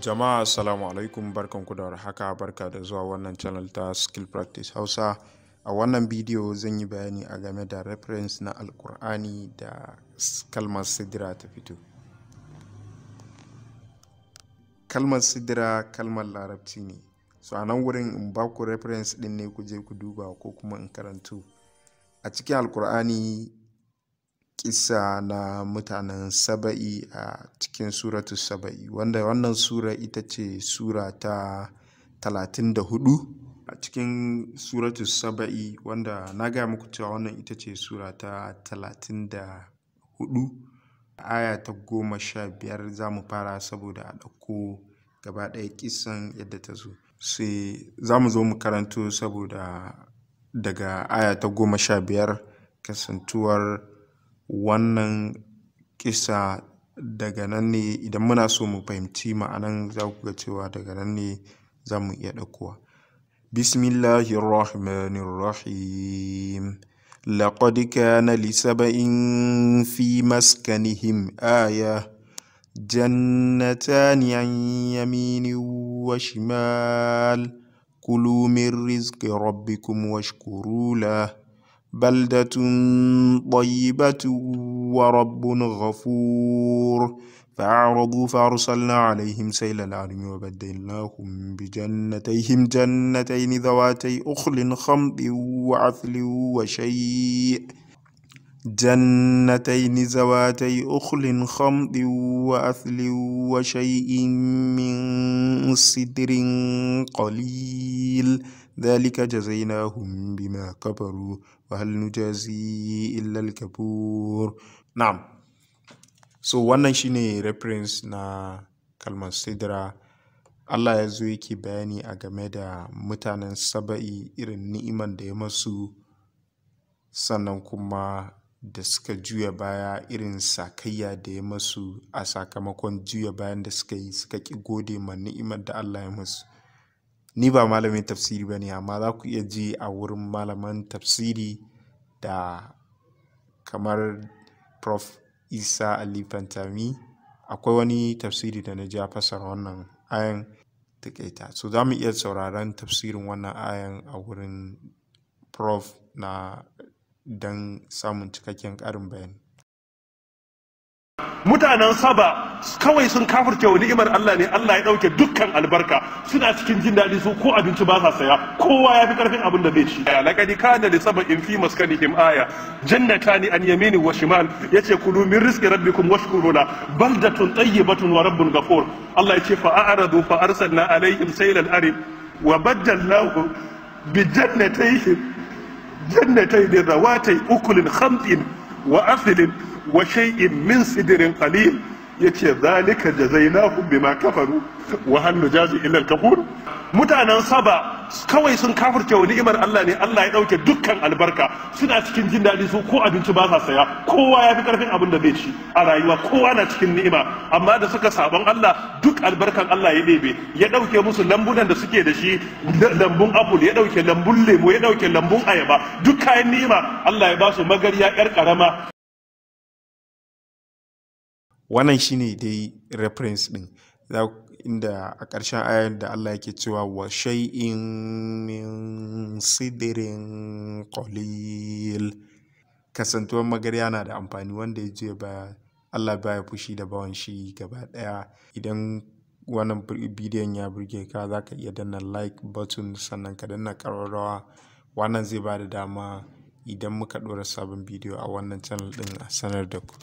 jama'a assalamu alaikum barkanku da haka barka da zuwa wannan channel ta skill practice hausa a wannan bidiyo zan yi bayani a game da reference na alkur'ani da kalmar sidira ta fito kalmar sidira kalmar larabci ne so a nan wurin in ba ku reference din ne ku je ku duba ko kuma in karantu a cikin alkur'ani kisa na mutanen saba'i a cikin suratu saba'i wanda wannan sura ita ce sura ta 34 a cikin suratu saba'i wanda na gaya muku cewa wannan ita ce sura ta 34 aya ta goma sha biyar za mu fara saboda a ɗauko gaba ɗaya kisan yadda ta zo sai za mu zo mu karanto saboda daga aya ta goma sha biyar kasantuwar wannan kisa daga nan ne idan muna so mu fahimci ma'anan za ku ga cewa daga nan ne za mu iya ɗaukowa bismillahi rahmani rahim لقد كان لسبإ في مسكنهم آية جنتان عن يمين وشمال كلوا من رزق ربكم واشكروا له بلدة طيبة ورب غفور فأعرضوا فأرسلنا عليهم سيل العلم وبدلناهم بجنتيهم جنتين ذواتي أخل خمط وعثل وشيء جنتين زواتي أخل خمط وأثل وشيء من سدر قليل ذلك جزيناهم بما كفروا وهل نجازي إلا الكفور نعم so wannan shine reference na kalmar sidra Allah ya zo yake bayani a game da mutanen saba'i irin ni'imar da ya masu sannan kuma da suka juya baya irin sakayya da ya masu a sakamakon juya bayan da suka yi suka ƙi gode ma ni'imar da Allah ya masu ni ba malamin tafsiri ba ne amma za ku iya ji a wurin malaman tafsiri da kamar prof isa ali fantami akwai wani tafsiri da na ja fasar wannan ayan takaita so za mu iya sauraron tafsirin wannan ayan a wurin prof na don samun cikakken ƙarin bayani mutanen saba kawai sun kafirce wa ni'imar Allah ne Allah ya dauke dukkan albarka suna cikin jin daɗi su ko abinci ba sa saya kowa ya fi karfin abin da zai ci laqad kana li sab'in fi maskanihim aya jannatani an yamini wa shimal yace kulu min rizqi rabbikum washkuru la baldatun tayyibatun wa rabbun ghafur Allah yace fa a'radu fa arsalna alaihim saylal arib wa badallahu bi jannatayhim jannatay ذواتي أكل wa وأثل wa shay'in min sidirin qalil yace zalika jazainahum bima kafaru wa hal nujazi illa al kafur mutanen saba kawai sun kafirce wa ni'imar Allah ne Allah ya dauke dukkan albarka suna cikin jin daɗi su ko abinci ba sa saya kowa ya fi karfin abin da zai ci a rayuwa kowa na cikin ni'ima amma da suka sabon Allah duk albarkan Allah ya ɗebe ya dauke musu lambunan da suke da shi lambun apple ya dauke lambun lemo ya dauke lambun ayaba duk kayan ni'ima Allah ya ba su magariya yar karama wannan shi ne dai reference ɗin inda a ƙarshen ayar da Allah yake cewa wa shay'in min sidirin qalil kasantuwar magarya na da amfani wanda ya je ba Allah baya fushi da bawan shi gaba ɗaya idan wannan bidiyon ya burge ka za ka iya danna like button sannan ka danna ƙararrawa wannan zai ba da dama idan muka ɗora sabon bidiyo a wannan channel ɗin a sanar da ku